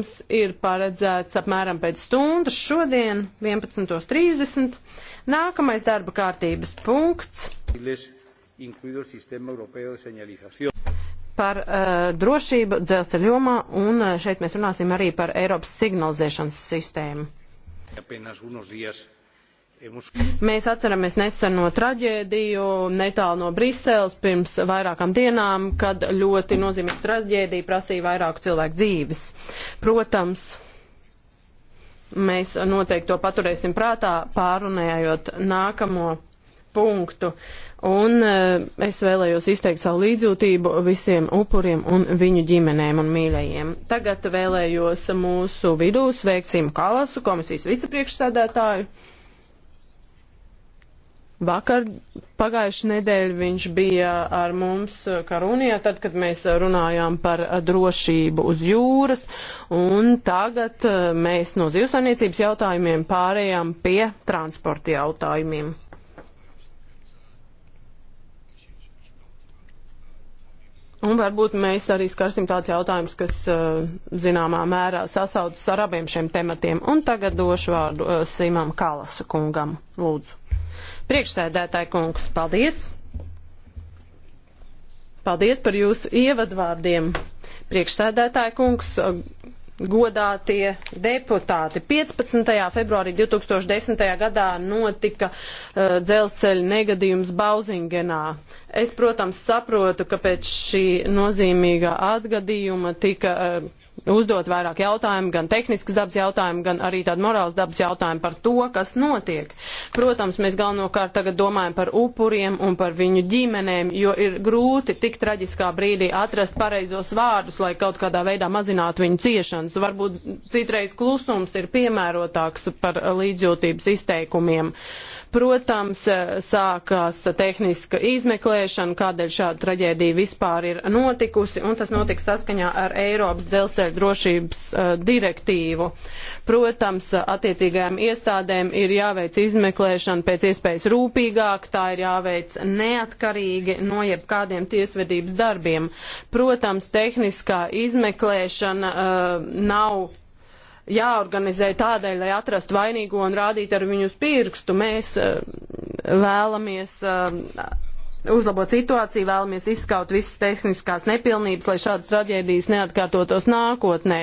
Mums ir paredzēts apmēram pēc stundas šodien 11.30. Nākamais darba kārtības punkts par uh, drošību dzelzceļomā un uh, šeit mēs runāsim arī par Eiropas signalizēšanas sistēmu. Apenas unos días Mēs atceramies neseno traģēdiju netālu no Briseles pirms vairākām dienām, kad ļoti nozīmīga traģēdija prasīja vairāku cilvēku dzīves. Protams, mēs noteikti to paturēsim prātā, pārunējot nākamo punktu. Un eh, es vēlējos izteikt savu līdzjūtību visiem upuriem un viņu ģimenēm un mīļajiem. Tagad vēlējos mūsu vidū sveikt Simu Kalasu, komisijas vicepriekšsēdētāju Vakar pagājuši nedēļu viņš bija ar mums Karunijā, tad, kad mēs runājām par drošību uz jūras, un tagad eh, mēs no zivsainiecības jautājumiem pārējām pie transporta jautājumiem. Un varbūt mēs arī skarsim tāds jautājums, kas eh, zināmā mērā sasaucas ar abiem šiem tematiem. Un tagad došu vārdu eh, Simam Kalasu kungam. Lūdzu. Priekšsēdētāji kungs, paldies! Paldies par jūsu ievadvārdiem. Priekšsēdētāji kungs, godātie deputāti. 15. februārī 2010. gadā notika uh, dzelzceļa negadījums Bauzingenā. Es, protams, saprotu, ka pēc šī nozīmīgā atgadījuma tika uh, uzdot vairāk jautājumu, gan tehniskas dabas jautājumu, gan arī tādu morāls dabas jautājumu par to, kas notiek. Protams, mēs galvenokārt tagad domājam par upuriem un par viņu ģimenēm, jo ir grūti tik traģiskā brīdī atrast pareizos vārdus, lai kaut kādā veidā mazinātu viņu ciešanas. Varbūt citreiz klusums ir piemērotāks par līdzjūtības izteikumiem. Uh, Protams, eh, sākās tehniska izmeklēšana, kādēļ šāda traģēdija vispār ir notikusi, un tas notiks saskaņā ar Eiropas dzelzceļa drošības uh, direktīvu. Protams, attiecīgajām iestādēm ir jāveic izmeklēšana pēc iespējas rūpīgāk, tā ir jāveic neatkarīgi no jebkādiem tiesvedības darbiem. Protams, tehniskā izmeklēšana uh, nav jāorganizē tādēļ, lai atrastu vainīgo un rādītu ar viņu uz pirkstu. Mēs eh, vēlamies eh, uzlabot situāciju, vēlamies izskaut visas tehniskās nepilnības, lai šādas traģēdijas neatkārtotos nākotnē.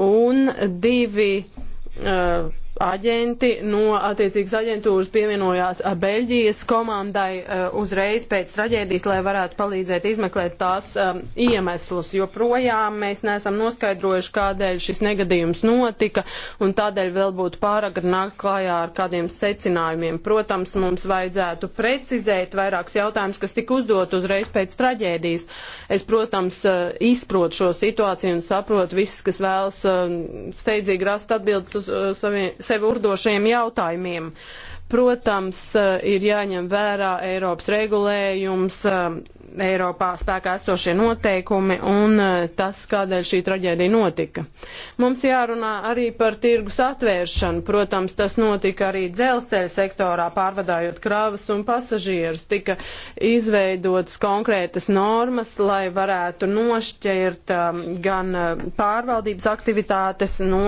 Un divi uh, aģenti no attiecīgas aģentūras pievienojās Beļģijas komandai eh, uzreiz pēc traģēdijas, lai varētu palīdzēt izmeklēt tās um, iemeslus. Joprojām mēs neesam noskaidrojuši, kādēļ šis negadījums notika, un tādēļ vēl būtu pārāk nākt klājā ar kādiem secinājumiem. Protams, mums vajadzētu precizēt vairākus jautājumus, kas tika uzdot uzreiz pēc traģēdijas. Es, protams, eh, izprotu šo situāciju un saprotu visus, kas vēlas steidzīgi rast atbildes uz saviem sev urdošiem jautājumiem. Protams, eh, ir jāņem vērā Eiropas regulējums, eh, Eiropā spēkā esošie noteikumi un eh, tas, kādēļ šī traģēdija notika. Mums jārunā arī par tirgus atvēršanu. Protams, tas notika arī dzelzceļa sektorā, pārvadājot kravas un pasažierus. Tika izveidotas konkrētas normas, lai varētu nošķirt gan pārvaldības aktivitātes no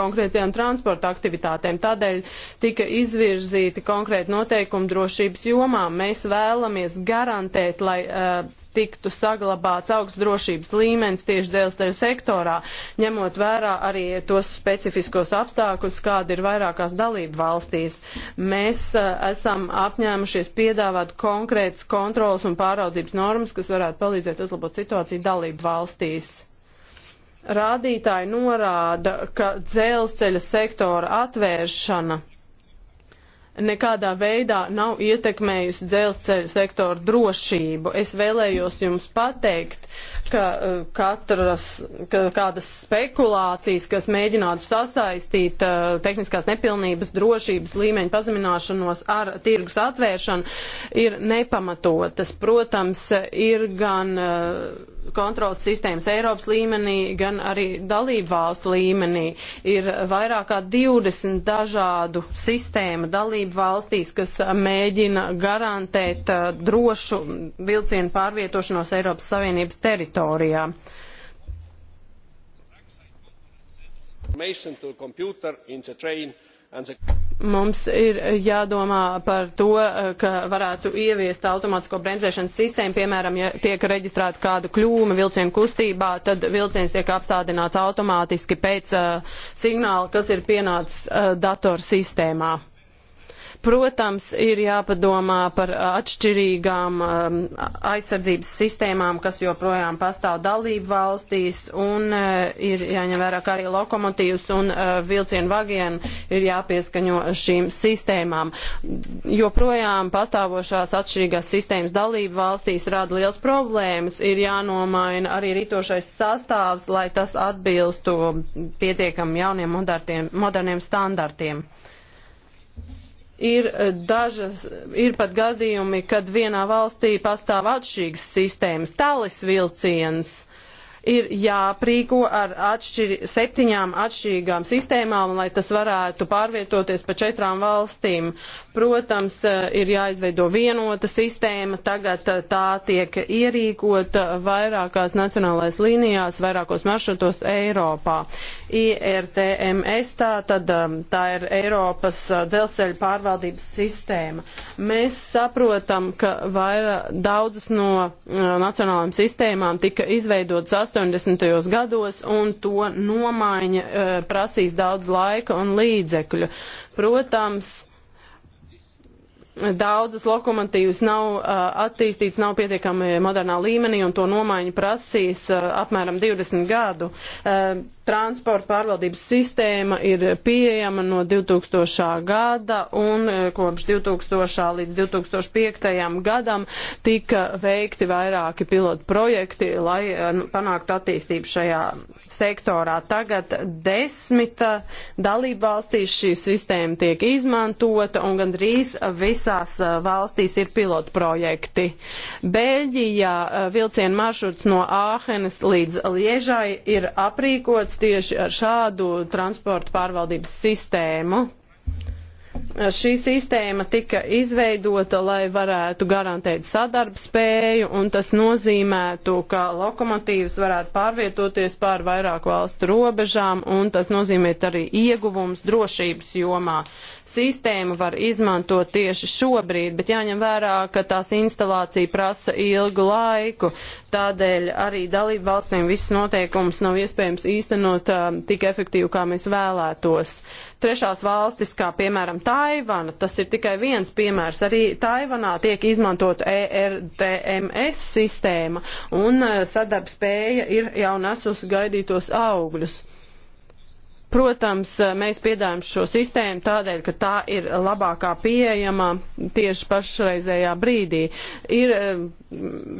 konkrētajām transporta aktivitātēm. Tādēļ tika izvirz izvirzīti konkrēti noteikumi drošības jomā. Mēs vēlamies garantēt, lai uh, tiktu saglabāts augsts drošības līmenis tieši dzelzceļa sektorā, ņemot vērā arī tos specifiskos apstākļus, kādi ir vairākās dalību valstīs. Mēs uh, esam apņēmušies piedāvāt konkrētas kontrolas un pāraudzības normas, kas varētu palīdzēt uzlabot situāciju dalību valstīs rādītāji norāda, ka dzelzceļa sektora atvēršana nekādā veidā nav ietekmējusi dzelzceļa sektoru drošību. Es vēlējos jums pateikt, ka uh, katras, ka kādas spekulācijas, kas mēģinātu sasaistīt uh, tehniskās nepilnības drošības līmeņa pazemināšanos ar tirgus atvēršanu, ir nepamatotas. Protams, ir gan. Uh, kontrols sistēmas Eiropas līmenī, gan arī dalību valstu līmenī. Ir vairāk kā 20 dažādu sistēmu dalību valstīs, kas mēģina garantēt uh, drošu vilcienu pārvietošanos Eiropas Savienības teritorijā. information to computer in the train and the Mums ir jādomā par to, eh, ka varētu ieviest automātisko bremzēšanas sistēmu, piemēram, ja tiek reģistrēta kāda kļūme vilcienu kustībā, tad vilciens tiek apstādināts automātiski pēc uh, signāla, kas ir pienācis uh, datorsistēmā. Protams, ir jāpadomā par uh, atšķirīgām um, aizsardzības sistēmām, kas joprojām pastāv dalību valstīs, un uh, ir jāņem vērā, ka arī lokomotīvs un uh, vilcienu vagienu ir jāpieskaņo šīm sistēmām. Joprojām pastāvošās atšķirīgās sistēmas dalību valstīs rada liels problēmas, ir jānomaina arī rītošais sastāvs, lai tas atbilstu pietiekam jauniem moderniem, moderniem standartiem ir e, dažas, ir pat gadījumi, kad vienā valstī pastāv atšķirīgas sistēmas, talis vilciens ir jāprīko ar atšķiri, septiņām atšķirīgām sistēmām, lai tas varētu pārvietoties pa četrām valstīm. Protams, eh, ir jāizveido vienota sistēma, tagad eh, tā tiek ierīkota vairākās nacionālais līnijās, vairākos maršrutos Eiropā. IRTMS tā, tad, eh, tā ir Eiropas dzelzceļa pārvaldības sistēma. Mēs saprotam, ka vairā, daudzas no nacionālajām sistēmām tika izveidotas 80. gados, un to nomaiņa eh, prasīs daudz laika un līdzekļu. Protams, daudzas lokomotīvas nav uh, attīstītas, nav pietiekami modernā līmenī, un to nomaiņa prasīs uh, apmēram 20 gadu. Uh, transporta pārvaldības sistēma ir pieejama no 2000. gada, un kopš 2000. līdz 2005. gadam tika veikti vairāki pilotu projekti, lai nu, panāktu attīstību šajā sektorā. Tagad desmit dalībvalstīs šī sistēma tiek izmantota un gandrīz visās eh, valstīs ir pilotu projekti. Beļģijā eh, vilciena maršruts no Āhenes līdz Liežai ir aprīkots tieši ar šādu transportu pārvaldības sistēmu. Šī sistēma tika izveidota, lai varētu garantēt sadarbspēju, un tas nozīmētu, ka lokomotīvas varētu pārvietoties pār vairāku valstu robežām, un tas nozīmē arī ieguvums drošības jomā. Sistēmu var izmantot tieši šobrīd, bet jāņem vērā, ka tās instalācija prasa ilgu laiku, tādēļ arī dalību valstīm visas noteikumus nav iespējams īstenot uh, tik efektīvi, kā mēs vēlētos. Trešās valstis, kā piemēram tā, Taivana. Tas ir tikai viens piemērs. Arī Taivanā tiek izmantot ERTMS sistēma un eh, sadarbspēja ir jau nesus gaidītos augļus. Protams, eh, mēs piedāvājam šo sistēmu tādēļ, ka tā ir labākā pieejamā tieši pašreizējā brīdī. Ir eh,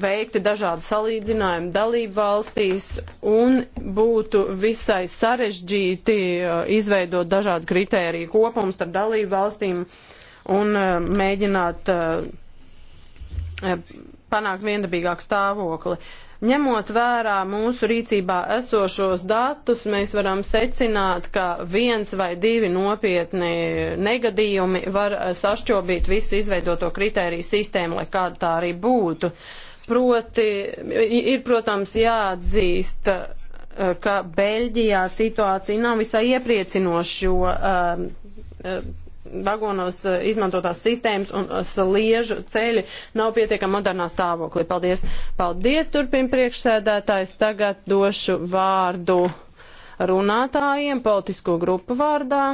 veikti dažādi salīdzinājumi dalību valstīs un būtu visai sarežģīti eh, izveidot dažādu kritēriju kopumu starp dalību valstīm un mēģināt panākt viendabīgāku stāvokli. Uh, Ņemot vērā mūsu rīcībā esošos datus, mēs varam secināt, ka viens vai divi nopietni negadījumi var eh, sašķobīt visu izveidoto kritēriju sistēmu, lai kāda tā arī būtu. Proti, ir, protams, jāatzīst, eh, ka Beļģijā situācija nav visai iepriecinoša, jo uh, uh, vagonos eh, izmantotās sistēmas un eh, sliežu ceļi nav pietiekami modernā stāvoklī. Paldies! Paldies, turpin priekšsēdētājs. Tagad došu vārdu runātājiem politisko grupu vārdā.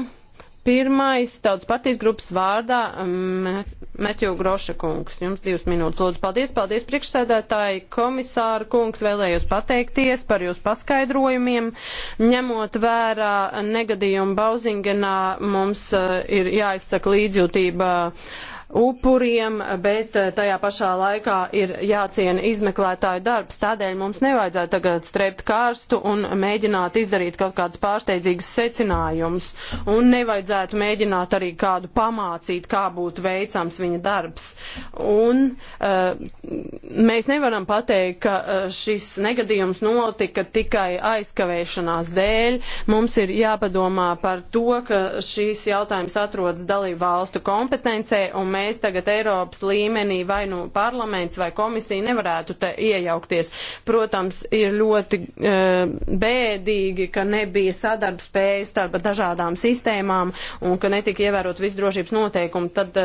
Pirmais tautas partijas grupas vārdā Metju Groša kungs. Jums divas minūtes. Lūdzu, paldies, paldies priekšsēdētāji, komisāra kungs. Vēlējos pateikties par jūsu paskaidrojumiem. Ņemot vērā negadījumu Bauzingenā, mums eh, ir jāizsaka līdzjūtība uh, upuriem, bet eh, tajā pašā laikā ir jāciena izmeklētāju darbs. Tādēļ mums nevajadzētu tagad strept kārstu un mēģināt izdarīt kaut kādus pārsteidzīgus secinājumus. Un nevajadzētu mēģināt arī kādu pamācīt, kā būtu veicams viņa darbs. Un uh, mēs nevaram pateikt, ka uh, šis negadījums notika tikai aizkavēšanās dēļ. Mums ir jāpadomā par to, ka šīs jautājums atrodas dalību valstu kompetencē. Un mēs tagad Eiropas līmenī vai nu parlaments vai komisija nevarētu te iejaukties. Protams, ir ļoti e, bēdīgi, ka nebija sadarbspējas starp dažādām sistēmām un ka netika ievērot visdrošības noteikumi. Tad e,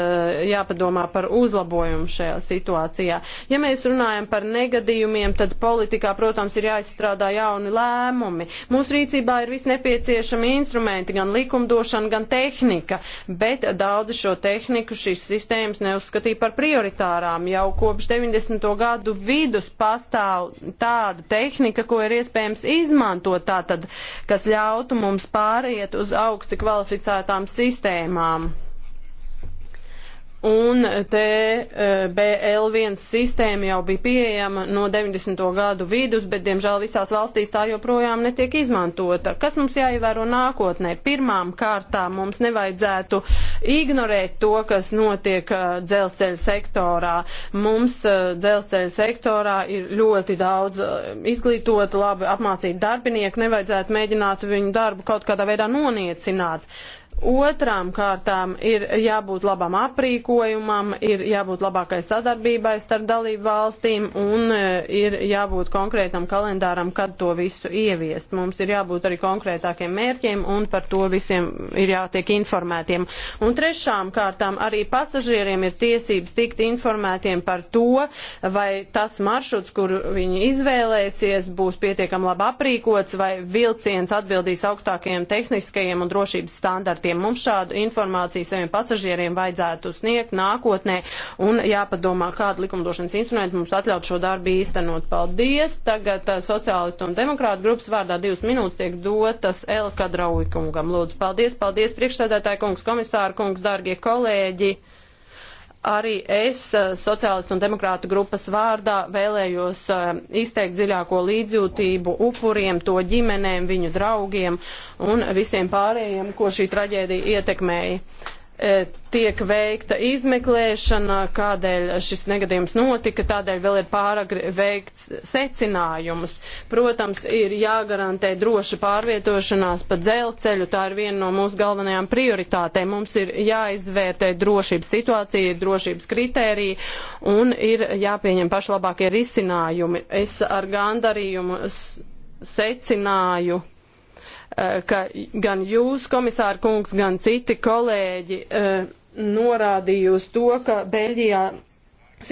jāpadomā par uzlabojumu šajā situācijā. Ja mēs runājam par negadījumiem, tad politikā, protams, ir jāizstrādā jauni lēmumi. Mūsu rīcībā ir visnepieciešami instrumenti, gan likumdošana, gan tehnika, bet daudz šo tehniku šīs sistēmas sistēmas neuzskatīja par prioritārām. Jau kopš 90. gadu vidus pastāv tāda tehnika, ko ir iespējams izmantot tātad, kas ļautu mums pāriet uz augsti kvalificētām sistēmām. Un TBL1 eh, sistēma jau bija pieejama no 90. gadu vidus, bet, diemžēl, visās valstīs tā joprojām netiek izmantota. Kas mums jāievēro nākotnē? Pirmām kārtām mums nevajadzētu ignorēt to, kas notiek eh, dzelzceļa sektorā. Mums eh, dzelzceļa sektorā ir ļoti daudz izglītotu, labi apmācītu darbinieku, nevajadzētu mēģināt viņu darbu kaut kādā veidā noniecināt. Otrām kārtām ir jābūt labam aprīkojumam, ir jābūt labākai sadarbībai starp dalību valstīm un e, ir jābūt konkrētam kalendāram, kad to visu ieviest. Mums ir jābūt arī konkrētākiem mērķiem un par to visiem ir jātiek informētiem. Un trešām kārtām arī pasažieriem ir tiesības tikt informētiem par to, vai tas maršruts, kur viņi izvēlēsies, būs pietiekami labi aprīkots, vai vilciens atbildīs augstākajiem tehniskajiem un drošības standartiem klientiem. Mums šādu informāciju saviem pasažieriem vajadzētu sniegt nākotnē un jāpadomā, kādu likumdošanas instrumentu mums atļaut šo darbu īstenot. Paldies! Tagad uh, sociālistu un demokrātu grupas vārdā divas minūtes tiek dotas Elka Draujkungam. Lūdzu, paldies, paldies, priekšsēdētāji kungs, komisāra kungs, dārgie kolēģi! arī es eh, sociālistu un demokrātu grupas vārdā vēlējos eh, izteikt dziļāko līdzjūtību upuriem, to ģimenēm, viņu draugiem un visiem pārējiem, ko šī traģēdija ietekmēja. E, tiek veikta izmeklēšana, kādēļ šis negadījums notika, tādēļ vēl ir pārāk veikts secinājumus. Protams, ir jāgarantē droša pārvietošanās pa dzelceļu, tā ir viena no mūsu galvenajām prioritātēm. Mums ir jāizvērtē drošības situācija, ir drošības kritērija un ir jāpieņem pašlabākie risinājumi. Es ar gandarījumu secināju Eh, ka gan jūs, komisāra kungs, gan citi kolēģi eh, norādīja uz to, ka Beļģijā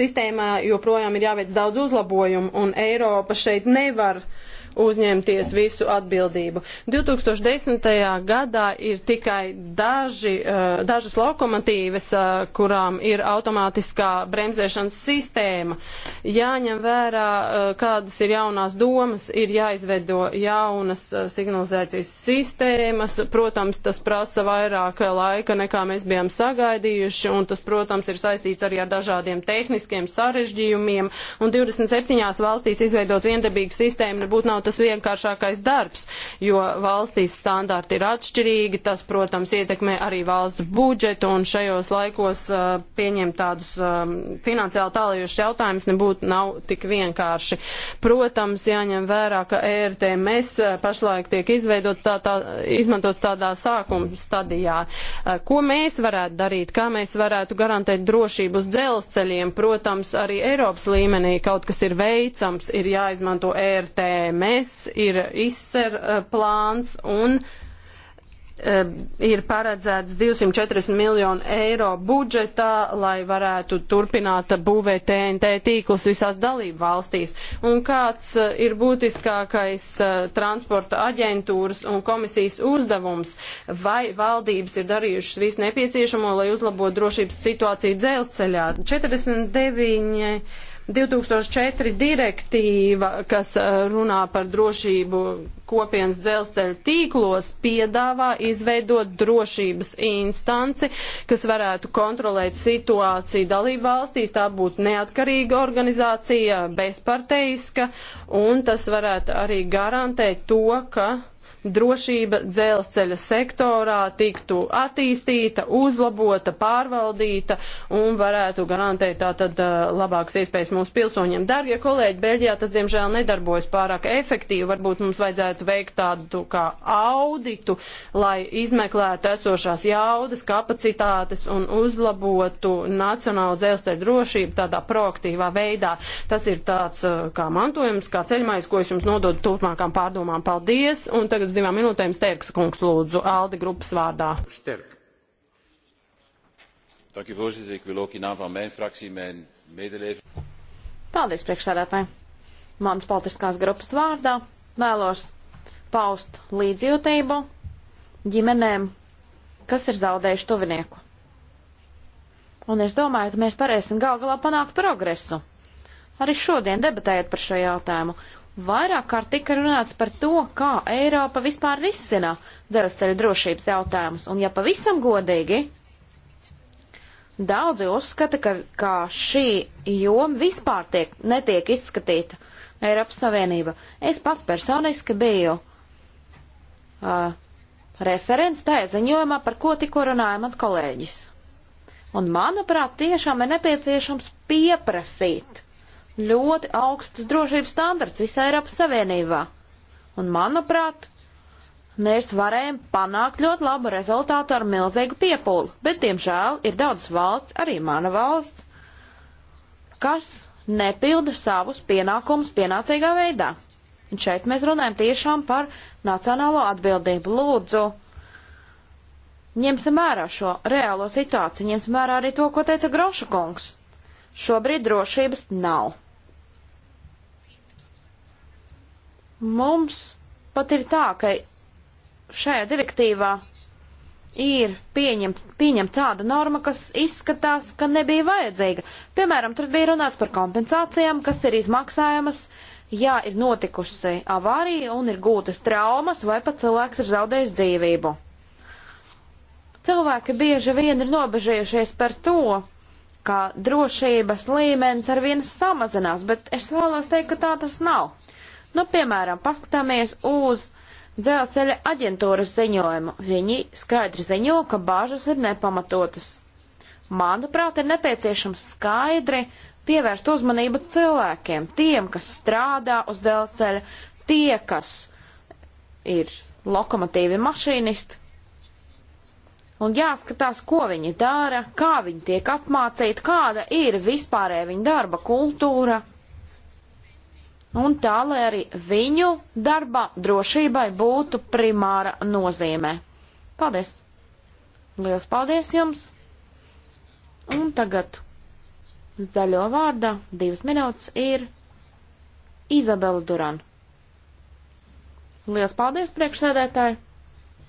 sistēmā joprojām ir jāveic daudz uzlabojumu, un Eiropa šeit nevar uh, uzņemties visu atbildību. 2010. gadā ir tikai daži, eh, dažas lokomotīvas, eh, kurām ir automātiskā bremzēšanas sistēma. Jāņem vērā, eh, kādas ir jaunās domas, ir jāizveido jaunas signalizācijas sistēmas. Protams, tas prasa vairāk laika, nekā mēs bijām sagaidījuši, un tas, protams, ir saistīts arī ar dažādiem tehniskiem sarežģījumiem. Un 27 valstīs izveidot viendabīgu sistēmu nebūtu nav tas vienkāršākais darbs, jo valstīs standarti ir atšķirīgi, tas, protams, ietekmē arī valsts budžetu, un šajos laikos uh, pieņemt tādus um, finansiāli tālējušus jautājumus nebūtu nav tik vienkārši. Protams, jāņem vērā, ka ERTMS uh, pašlaik tiek izveidots tā, tā, izmantots tādā sākuma stadijā. Uh, ko mēs varētu darīt, kā mēs varētu garantēt drošību uz dzelzceļiem, protams, arī Eiropas līmenī kaut kas ir veicams, ir jāizmanto ERTM, mēs ir izser eh, plāns un eh, ir paredzēts 240 miljonu eiro budžetā, lai varētu turpināt būvēt TNT tīklus visās dalību valstīs. Un kāds eh, ir būtiskākais transporta aģentūras un komisijas uzdevums? Vai valdības ir darījušas visu nepieciešamo, lai uzlabotu drošības situāciju dzelzceļā? 49 2004 direktīva, kas eh, runā par drošību kopienas dzelzceļa tīklos, piedāvā izveidot drošības instanci, kas varētu kontrolēt situāciju dalību valstīs. Tā būtu neatkarīga organizācija, bezparteiska, un tas varētu arī garantēt to, ka drošība dzelzceļa sektorā tiktu attīstīta, uzlabota, pārvaldīta un varētu garantēt tātad labākas iespējas mūsu pilsoņiem. Dargie kolēģi, Beļģijā tas diemžēl nedarbojas pārāk efektīvi. Varbūt mums vajadzētu veikt tādu kā auditu, lai izmeklētu esošās jaudas, kapacitātes un uzlabotu nacionālu dzelzceļa drošību tādā proaktīvā veidā. Tas ir tāds kā mantojums, kā ceļmais, ko es jums nododu turpmākām pārdomām. Paldies! Un tagad uz divām minūtēm Sterks kungs lūdzu, Aldi grupas vārdā. Sterk. Dank u voorzitter. Ik wil ook in naam van mijn fractie mijn medeleven. Paldies priekšsēdētāji. Mans politiskās grupas vārdā vēlos paust līdzjūtību ģimenēm, kas ir zaudējuši tuvinieku. Un es domāju, ka mēs varēsim gal galā panākt progresu. Arī šodien debatējot par šo jautājumu. Vairāk kārt tika runāts par to, kā Eiropa vispār risina dzelzceļa drošības jautājumus, un ja pavisam godīgi, daudzi uzskata, ka, ka šī joma vispār tiek, netiek izskatīta Eiropas Savienība. Es pats personiski biju uh, referents tajā ziņojumā, par ko tikko runāja mans kolēģis. Un, manuprāt, tiešām ir nepieciešams pieprasīt ļoti augstus drošības standarts visā Eiropas Savienībā. Un, manuprāt, mēs varējām panākt ļoti labu rezultātu ar milzīgu piepūli, bet, diemžēl, ir daudz valsts, arī mana valsts, kas nepilda savus pienākumus pienācīgā veidā. Un šeit mēs runājam tiešām par nacionālo atbildību. Lūdzu, ņemsim vērā šo reālo situāciju, ņemsim vērā arī to, ko teica Groša kungs. Šobrīd drošības nav. Mums pat ir tā, ka šajā direktīvā ir pieņemta pieņem tāda norma, kas izskatās, ka nebija vajadzīga. Piemēram, tur bija runāts par kompensācijām, kas ir izmaksājamas, ja ir notikusi avārija un ir gūtas traumas vai pat cilvēks ir zaudējis dzīvību. Cilvēki bieži vien ir nobežījušies par to, ka drošības līmenis ar vienu samazinās, bet es vēlos teikt, ka tā tas nav. Nu, piemēram, paskatāmies uz dzelzceļa aģentūras ziņojumu. Viņi skaidri ziņo, ka bāžas ir nepamatotas. Manuprāt, ir nepieciešams skaidri pievērst uzmanību cilvēkiem, tiem, kas strādā uz dzelzceļa, tie, kas ir lokomotīvi mašīnisti. Un jāskatās, ko viņi dara, kā viņi tiek apmācīti, kāda ir vispārēja viņa darba kultūra un tā, lai arī viņu darbā drošībai būtu primāra nozīmē. Paldies! Liels paldies jums! Un tagad zaļo vārdā divas minūtes ir Izabela Duran. Liels paldies priekšsēdētāji!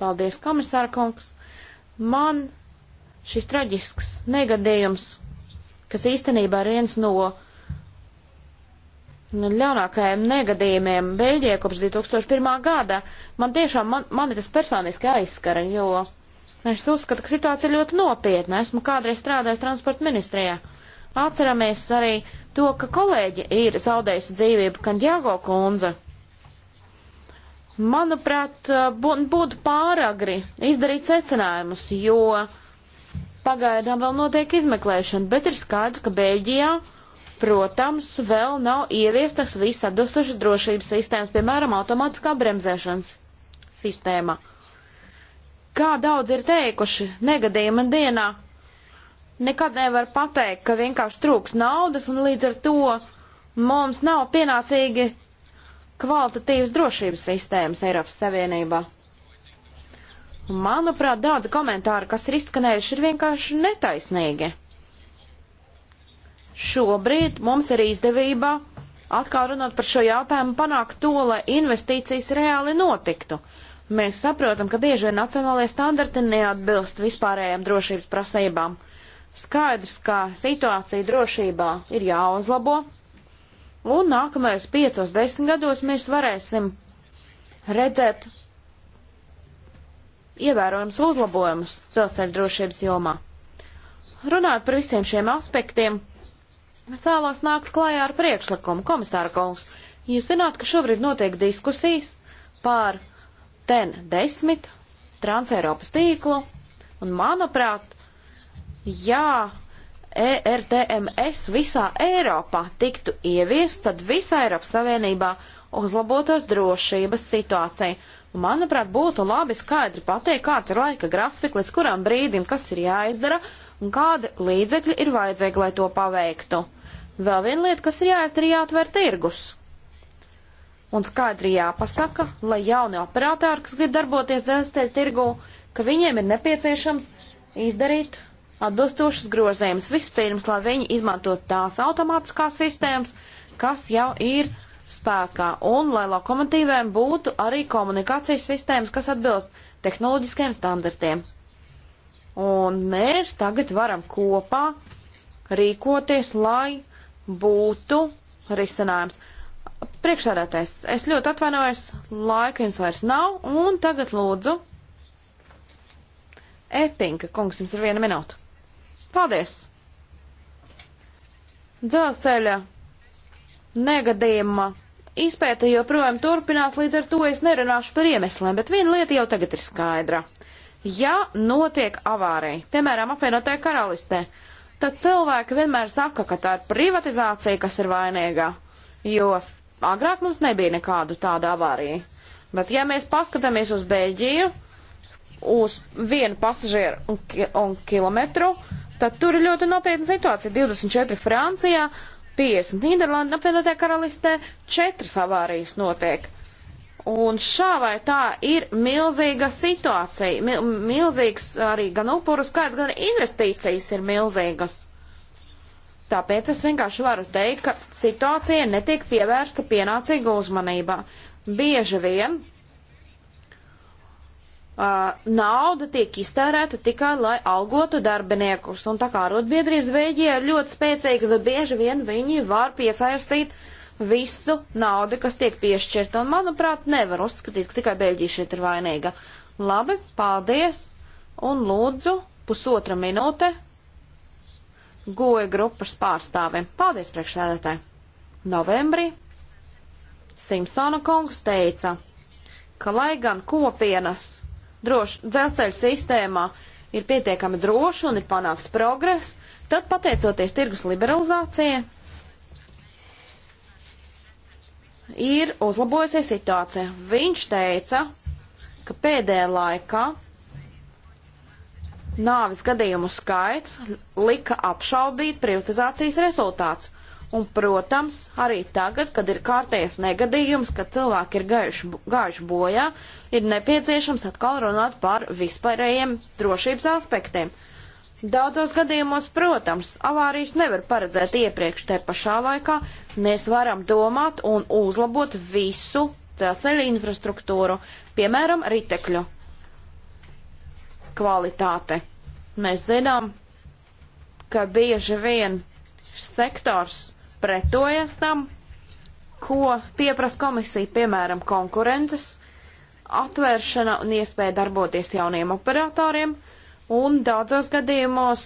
Paldies, komisāra kungs! Man šis traģisks negadījums, kas īstenībā ir viens no ļaunākajiem negadījumiem Beļģijā kopš 2001. gada. Man tiešām, man, mani tas personiski aizskara, jo es uzskatu, ka situācija ir ļoti nopietna. Esmu kādreiz strādājis transporta ministrijā. Atceramies arī to, ka kolēģi ir zaudējusi dzīvību Kandjāgo kundze. Manuprāt, eh, būtu pāragri izdarīt secinājumus, jo pagaidām vēl notiek izmeklēšana, bet ir skaidrs, ka Beļģijā uh, Protams, vēl nav ieviestas visas atbilstošas drošības sistēmas, piemēram, automātiskā bremzēšanas sistēma. Kā daudz ir teikuši, negadījuma dienā nekad nevar pateikt, ka vienkārši trūks naudas un līdz ar to mums nav pienācīgi kvalitatīvas drošības sistēmas Eiropas Savienībā. Manuprāt, daudzi komentāri, kas ir izskanējuši, ir vienkārši netaisnīgi šobrīd mums ir izdevība atkal runāt par šo jautājumu, panākt to, lai investīcijas reāli notiktu. Mēs saprotam, ka bieži vien nacionālajie standarti neatbilst vispārējām drošības prasībām. Skaidrs, ka situācija drošībā ir jāuzlabo, un nākamajos piecos desmit gados mēs varēsim redzēt ievērojams uzlabojumus dzelzceļa drošības jomā. Runājot par visiem šiem aspektiem, Es vēlos nākt klājā ar priekšlikumu, komisāra kungs. Jūs zināt, ka šobrīd notiek diskusijas par TEN 10 Transeiropas tīklu, un manuprāt, jā, ERTMS visā Eiropā tiktu ieviests, tad visā Eiropas Savienībā uzlabotos drošības situācija. Un, manuprāt, būtu labi skaidri pateikt, kāds ir laika grafika, līdz kuram brīdim kas ir jāizdara un kādi līdzekļi ir vajadzīgi, lai to paveiktu. Vēl viena lieta, kas ir jāizdara, ir jāatver tirgus. Un skaidri jāpasaka, lai jaunie operatori, kas grib darboties dzelzceļa tirgu, ka viņiem ir nepieciešams izdarīt atbilstošas grozījumus. Vispirms, lai viņi izmantot tās automātiskās sistēmas, kas jau ir spēkā, un lai lokomotīvēm būtu arī komunikācijas sistēmas, kas atbilst tehnoloģiskiem standartiem. Un mēs tagad varam kopā rīkoties, lai būtu risinājums. Priekšsēdētājs, es ļoti atvainojos, laika jums vairs nav, un tagad lūdzu. Epinka, kungs, jums ir viena minūte. Paldies! Dzelzceļa negadījuma izpēta joprojām turpinās, līdz ar to es nerunāšu par iemesliem, bet viena lieta jau tagad ir skaidra. Ja notiek avārija, piemēram, apvienotajā karalistē, tad cilvēki vienmēr saka, ka tā ir privatizācija, kas ir vainīga, jo agrāk mums nebija nekādu tādu avāriju. Bet ja mēs paskatāmies uz Beļģiju, uz vienu pasažieru un, ki un kilometru, tad tur ir ļoti nopietna situācija. 24 Francijā, 50 Nīderlandē, apvienotajā karalistē, 4 avārijas notiek. Un šā vai tā ir milzīga situācija, mil, milzīgs arī gan upuru skaits, gan investīcijas ir milzīgas. Tāpēc es vienkārši varu teikt, ka situācija netiek pievērsta pienācīga uzmanība. Bieži vien uh, nauda tiek iztērēta tikai, lai algotu darbiniekus, un tā kā rotbiedrības Vēģijā ir ļoti spēcīgas, bieži vien viņi var piesaistīt uh, visu naudu, kas tiek piešķirta. Un, manuprāt, nevar uzskatīt, ka tikai Beļģija šeit ir vainīga. Labi, paldies un lūdzu pusotra minūte goja grupas pārstāvim. Paldies, priekšsēdētāji. Novembrī Simpsona kungs teica, ka lai gan kopienas dzelzceļa sistēmā ir pietiekami droši un ir panākts progress, tad pateicoties tirgus liberalizācijai ir uzlabojusies situācija. Viņš teica, ka pēdējā laikā nāvis gadījumu skaits lika apšaubīt privatizācijas rezultāts. Un, protams, arī tagad, kad ir kārtējs negadījums, kad cilvēki ir gājuši, gājuši bojā, ir nepieciešams atkal runāt par vispārējiem drošības aspektiem. Daudzos gadījumos, protams, avārijas nevar paredzēt iepriekš te pašā laikā. Mēs varam domāt un uzlabot visu dzelzceļa infrastruktūru, piemēram, ritekļu kvalitāte. Mēs zinām, ka bieži vien sektors pretojas tam, ko pieprasa komisija, piemēram, konkurences atvēršana un iespēja darboties jauniem operatoriem – un daudzos gadījumos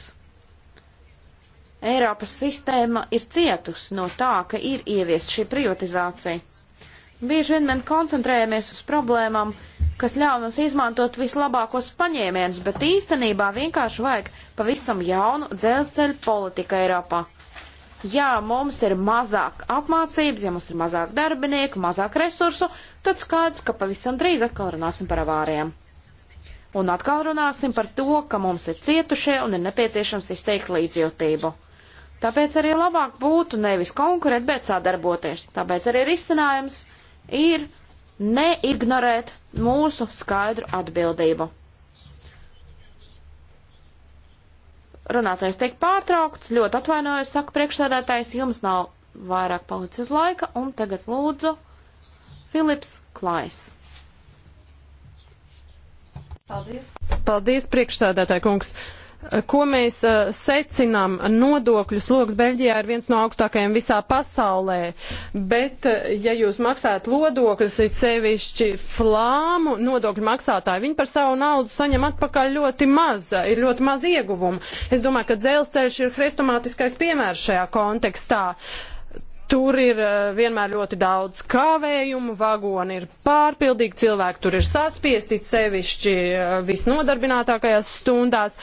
Eiropas sistēma ir cietusi no tā, ka ir ieviest šī privatizācija. Bieži vien mēs koncentrējamies uz problēmām, kas ļauj mums izmantot vislabākos paņēmienus, bet īstenībā vienkārši vajag pavisam jaunu dzelzceļu politiku Eiropā. Ja mums ir mazāk apmācības, ja mums ir mazāk darbinieku, mazāk resursu, tad skaidrs, ka pavisam drīz atkal runāsim par avārijām. Un atkal runāsim par to, ka mums ir cietušie un ir nepieciešams izteikt līdzjūtību. Tāpēc arī labāk būtu nevis konkurēt, bet sadarboties. Tāpēc arī risinājums ir neignorēt mūsu skaidru atbildību. Runātais tiek pārtraukts, ļoti atvainojos, saka priekšsēdētājs, jums nav vairāk palicis laika, un tagad lūdzu Filips Klais. Paldies. Paldies, priekšsādātāji kungs. Ko mēs uh, secinām, nodokļu sloks Beļģijā ir viens no augstākajiem visā pasaulē, bet uh, ja jūs maksājat lodokļus, ir sevišķi flāmu nodokļu maksātāji, viņi par savu naudu saņem atpakaļ ļoti maz, ir ļoti maz ieguvumu. Es domāju, ka dzelzceļš ir hrestomātiskais piemērs šajā kontekstā. Uh, Tur ir eh, vienmēr ļoti daudz kavējumu, vagoni ir pārpildīgi, cilvēki tur ir saspiesti, sevišķi eh, visnodarbinātākajās stundās.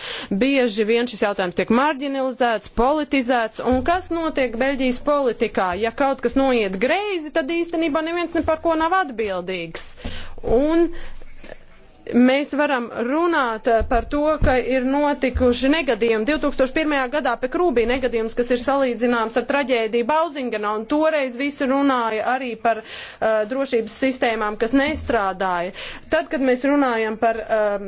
Bieži vien šis jautājums tiek marginalizēts, politizēts, un kas notiek Beļģijas politikā? Ja kaut kas noiet greizi, tad īstenībā neviens ne par ko nav atbildīgs. Un uh, mēs varam runāt eh, par to, ka ir notikuši negadījumi. 2001. gadā pie Krūbī negadījums, kas ir salīdzināms ar traģēdiju Bauzinganā, un toreiz visu runāja arī par uh, drošības sistēmām, kas nestrādāja. Tad, kad mēs runājam par uh,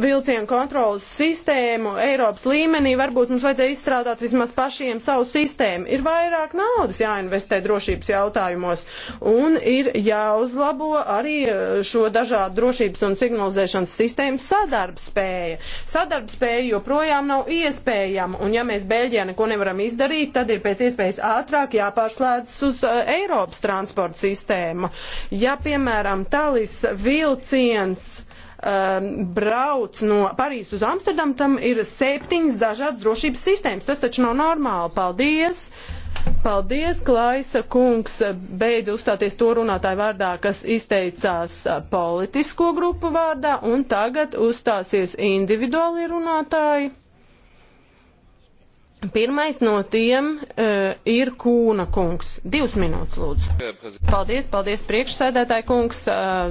vilcienu kontrolas sistēmu Eiropas līmenī, varbūt mums vajadzēja izstrādāt vismaz pašiem savu sistēmu. Ir vairāk naudas jāinvestē drošības jautājumos, un ir jāuzlabo arī eh, šo dažādu drošības un signālu signalizēšanas sistēmu sadarbspēja. Sadarbspēja joprojām nav iespējama, un ja mēs Beļģijā neko nevaram izdarīt, tad ir pēc iespējas ātrāk jāpārslēdz uz uh, Eiropas transporta sistēmu. Ja, piemēram, talis vilciens um, brauc no Parīzes uz Amsterdamu, tam ir septiņas dažādas drošības sistēmas. Tas taču nav normāli. Paldies! Uh, Paldies, Klaisa kungs, beidz uzstāties to runātāju vārdā, kas izteicās politisko grupu vārdā, un tagad uzstāsies individuāli runātāji. Pirmais no tiem uh, ir Kūna kungs. Divas minūtes, lūdzu. Paldies, paldies priekšsēdētāji kungs, uh,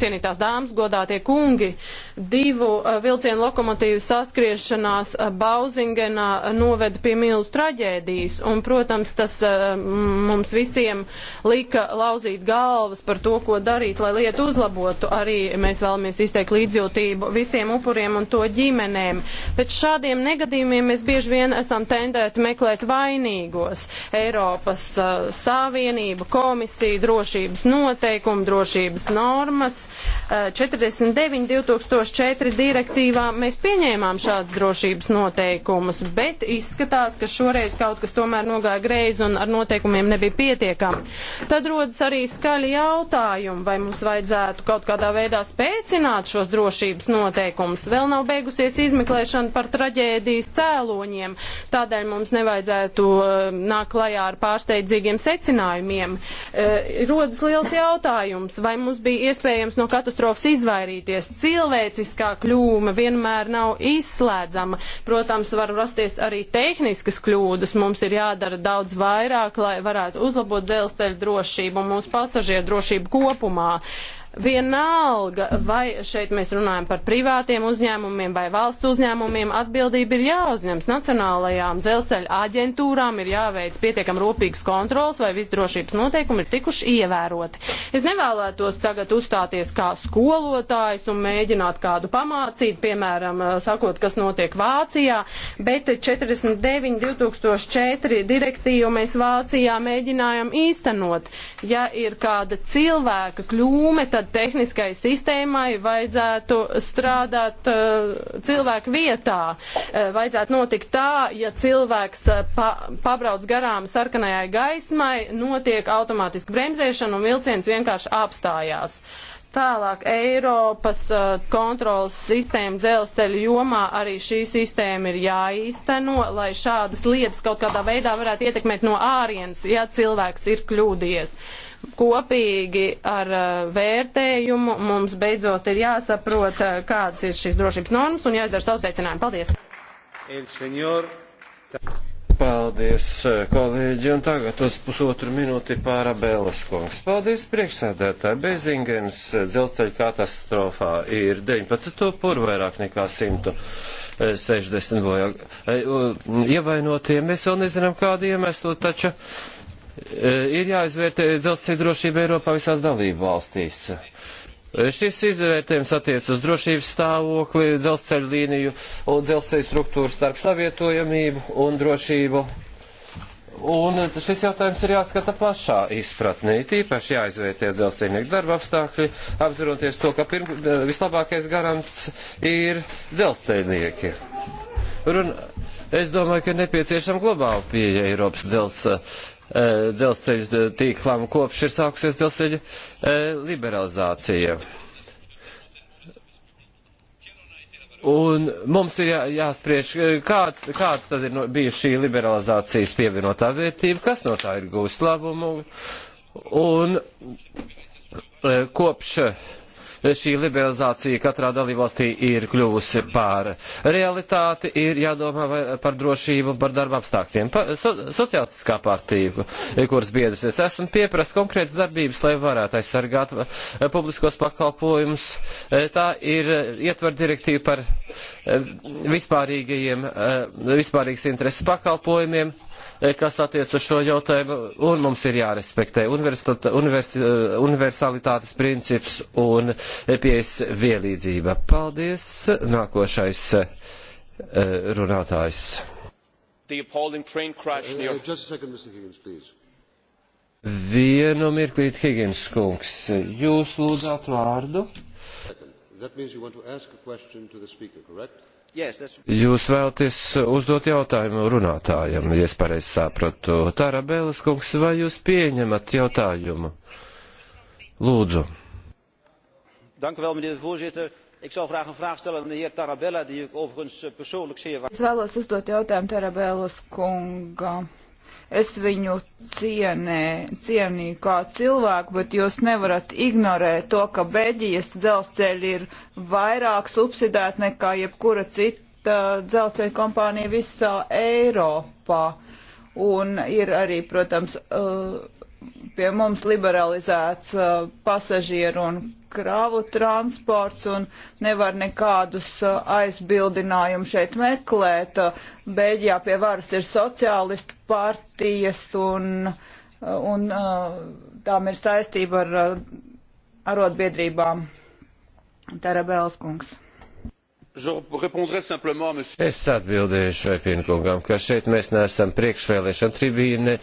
cienītās dāmas, godātie kungi. Divu uh, vilcienu lokomotīvu saskriešanās uh, Bauzingenā uh, noveda pie milz traģēdijas. Un, protams, tas uh, mums visiem lika lauzīt galvas par to, ko darīt, lai lietu uzlabotu. Arī mēs vēlamies izteikt līdzjūtību visiem upuriem un to ģimenēm. Pēc šādiem negadījumiem mēs bieži vien esam tendēt meklēt vainīgos. Eiropas uh, Savienība, komisija, drošības noteikumi, drošības normas. Uh, 49.2004 direktīvā mēs pieņēmām šādas drošības noteikumus, bet izskatās, ka šoreiz kaut kas tomēr nogāja greizi un ar noteikumiem nebija pietiekami. Tad rodas arī skaļi jautājumi, vai mums vajadzētu kaut kādā veidā spēcināt šos drošības noteikumus. Vēl nav beigusies izmeklēšana par traģēdijas cēloņiem. Tā Tādēļ mums nevajadzētu eh, nākt klajā ar pārsteidzīgiem secinājumiem. Eh, rodas liels jautājums, vai mums bija iespējams no katastrofas izvairīties. Cilvēciskā kļūme vienmēr nav izslēdzama. Protams, var rasties arī tehniskas kļūdas. Mums ir jādara daudz vairāk, lai varētu uzlabot dzelzceļa drošību un mūsu pasažieru drošību kopumā. Uh, Vienalga, vai šeit mēs runājam par privātiem uzņēmumiem vai valsts uzņēmumiem, atbildība ir jāuzņems nacionālajām dzelzceļa aģentūrām, ir jāveic pietiekam rūpīgas kontrols, vai viss drošības noteikumi ir tikuši ievēroti. Es nevēlētos tagad uzstāties kā skolotājs un mēģināt kādu pamācīt, piemēram, eh, sakot, kas notiek Vācijā, bet 49.2004 direktīvu mēs Vācijā mēģinājām īstenot. Ja ir kāda cilvēka kļūme, tad tad tehniskai sistēmai vajadzētu strādāt uh, cilvēku vietā. Uh, vajadzētu notikt tā, ja cilvēks eh, pa, pabrauc garām sarkanajai gaismai, notiek automātiski bremzēšana un vilciens vienkārši apstājās. Tālāk Eiropas uh, kontrolas sistēma dzelzceļa jomā arī šī sistēma ir jāīsteno, lai šādas lietas kaut kādā veidā varētu ietekmēt no ārienes, ja cilvēks ir kļūdies. Uh, kopīgi ar uh, vērtējumu mums beidzot ir jāsaprot, uh, kādas ir šīs drošības normas un jāizdara savs secinājums. Paldies! Senyor... Paldies, uh, kolēģi, un tagad uz pusotru minūti pāra Bēlas kungs. Paldies, priekšsēdētāji. Bezingens dzelzceļa katastrofā ir 19 upuru vairāk nekā 160 bojā. Ievainotie mēs vēl nezinām kādu iemeslu, taču E, ir jāizvērtē dzelzceļa drošība Eiropā visās dalību valstīs. E, šis izvērtējums attiec uz drošības stāvokli, dzelzceļa līniju un dzelzceļa struktūru starp savietojamību un drošību. Un šis jautājums ir jāskata plašā izpratnē, tīpaši jāizvērtē dzelzceļnieku darba apstākļi, apzinoties to, ka pirm, e, vislabākais garants ir dzelzceļnieki. Run, es domāju, ka nepieciešama globāla pieeja Eiropas dzelzceļa Eh, dzelzceļu eh, tīklam kopš ir sākusies dzelzceļu eh, liberalizācija. Un mums ir jā, jāspriež, kāds, kāds tad ir no, bija šī liberalizācijas pievienotā vērtība, kas no tā ir gūst labumu. Un kopš šī liberalizācija katrā dalībvalstī ir kļuvusi par realitāti, ir jādomā par drošību, par darba apstākļiem. So, sociālistiskā partija, kuras biedrs es esmu, pieprasa konkrētas darbības, lai varētu aizsargāt eh, publiskos pakalpojumus. Eh, tā ir ietver direktīva par eh, vispārīgajiem, vispārīgas intereses pakalpojumiem. E, kas attiec uz šo jautājumu, un mums ir jārespektē univers, e, universalitātes princips un pieejas vienlīdzība. Paldies! Nākošais e, runātājs. Uh, uh, Vienu mirklīt, Higgins kungs, jūs lūdzāt vārdu. That means you want to ask a question to the speaker, correct? Jūs vēlaties uzdot jautājumu runātājiem, ja es pareizi sapratu. Tāra Bēles kungs, vai jūs pieņemat jautājumu? Lūdzu. Es vēlos eh, uzdot jautājumu Tarabēlas kungam. Es viņu cienē, cienīju kā cilvēku, bet jūs nevarat ignorēt to, ka Beļģijas dzelzceļi ir vairāk subsidēti nekā jebkura cita dzelzceļa kompānija visā Eiropā. Un ir arī, protams, uh, pie mums liberalizēts uh, pasažieru un kravu transports un nevar nekādus uh, aizbildinājumus šeit meklēt. Uh, Beļģijā pie varas ir sociālistu partijas un, uh, un uh, tām ir saistība ar uh, arotbiedrībām. Tarabēls kungs. Es atbildēšu Epinkungam, ka šeit mēs neesam priekšvēlēšana tribīne,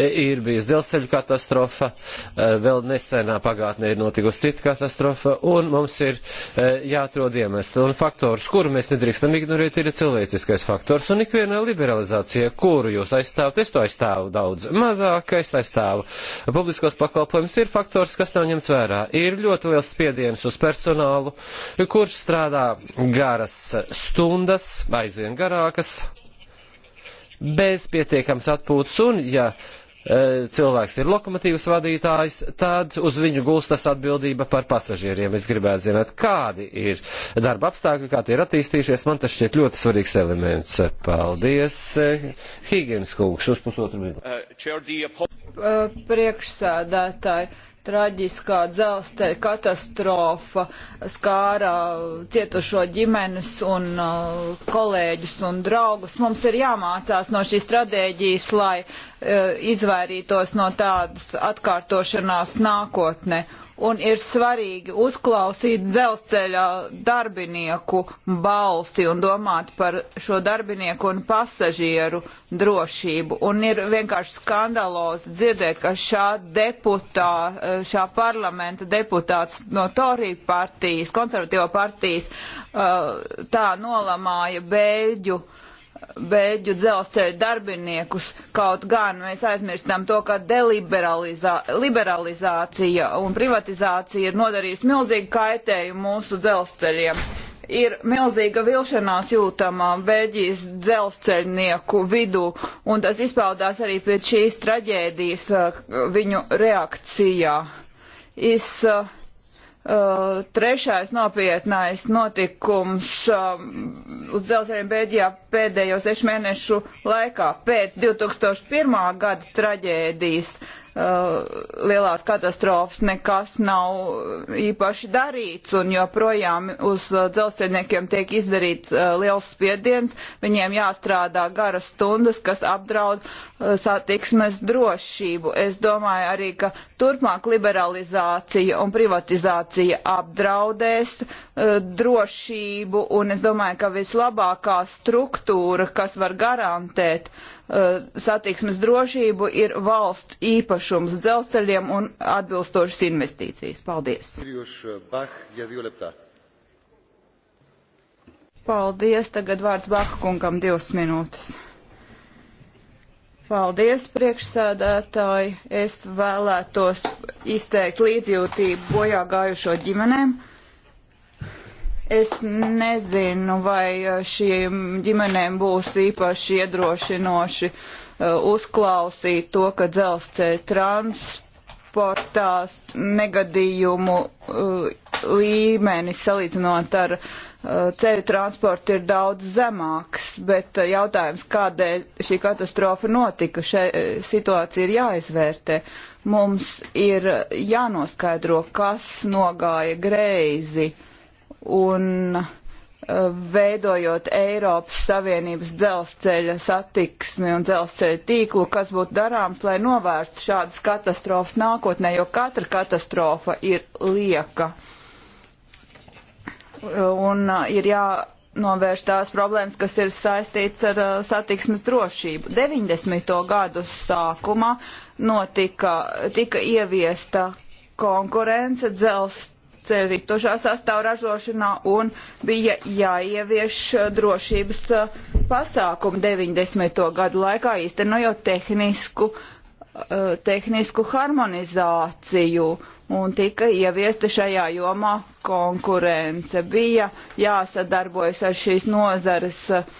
e, ir bijis dzelzceļu katastrofa, e, vēl nesenā pagātnē ir notikusi cita katastrofa, un mums ir e, jāatrod iemesli. Un faktors, kuru mēs nedrīkstam ignorēt, ir cilvēciskais faktors, un ikvienā liberalizācija, kuru jūs aizstāvat, es to aizstāvu daudz mazāk, es aizstāvu. Publiskos pakalpojums ir faktors, kas nav ņemts vērā. Ir ļoti liels spiediens uz personālu, kurš strādā gā garas stundas, aizvien garākas, bez pietiekams atpūtas un, ja e, cilvēks ir lokomotīvas vadītājs, tad uz viņu gulstas atbildība par pasažieriem. Es gribētu zināt, kādi ir darba apstākļi, kā tie ir attīstījušies. Man tas šķiet ļoti svarīgs elements. Paldies, e, Higienas kungs, uz pusotru minūti. Uh, uh, priekšsēdētāji, traģiskā dzelzceļa katastrofa skāra cietušo ģimenes un uh, kolēģus un draugus. Mums ir jāmācās no šīs stratēģijas, lai uh, izvairītos no tādas atkārtošanās nākotnē un ir svarīgi uzklausīt dzelzceļa darbinieku balsi un domāt par šo darbinieku un pasažieru drošību. Un ir vienkārši skandalozi dzirdēt, ka šā deputā, šā parlamenta deputāts no Torija partijas, konservatīvo partijas, tā nolamāja Bēļģu beļģu dzelzceļa darbiniekus, kaut gan mēs aizmirstam to, ka deliberalizācija un privatizācija ir nodarījusi milzīgu kaitējumu mūsu dzelzceļiem. Ir milzīga vilšanās jūtama Beļģijas dzelzceļnieku vidū, un tas izpaudās arī pēc šīs traģēdijas uh, viņu reakcijā. Es uh, Uh, trešais nopietnais notikums um, uz dzelzceļiem Bēļģijā pēdējo sešu mēnešu laikā pēc 2001. gada traģēdijas Uh, lielās katastrofas nekas nav īpaši darīts un joprojām uz uh, dzelzceļniekiem tiek izdarīts uh, liels spiediens. Viņiem jāstrādā garas stundas, kas apdraud satiksmes drošību. Es domāju arī, ka turpmāk liberalizācija un privatizācija apdraudēs drošību un es domāju, ka vislabākā struktūra, kas var garantēt satiksmes drošību, ir valsts īpašība īpašums dzelzceļiem un atbilstošas investīcijas. Paldies! Paldies! Tagad vārds Baha kungam divas minūtes. Paldies, priekšsēdētāji! Es vēlētos izteikt līdzjūtību bojā gājušo ģimenēm. Es nezinu, vai šīm ģimenēm būs īpaši iedrošinoši uh, Uh, uzklausīt to, ka dzelzceļa transportā negadījumu uh, līmenis salīdzinot ar uh, ceļu transportu ir daudz zemāks, bet jautājums, kādēļ šī katastrofa notika, šī situācija ir jāizvērtē. Mums ir jānoskaidro, kas nogāja greizi un uh, veidojot Eiropas Savienības dzelzceļa satiksmi un dzelzceļa tīklu, kas būtu darāms, lai novērstu šādas katastrofas nākotnē, jo katra katastrofa ir lieka. Un uh, ir jānovērš tās problēmas, kas ir saistīts ar uh, satiksmes drošību. 90. gadu sākumā notika, tika ieviesta konkurence dzelzceļa ceļvitušā sastāvražošanā un bija jāievieš eh, drošības eh, pasākumu 90. gadu laikā, īstenojot tehnisku, uh, tehnisku harmonizāciju un tika ieviesta šajā jomā konkurence. Bija jāsadarbojas ar šīs nozares uh,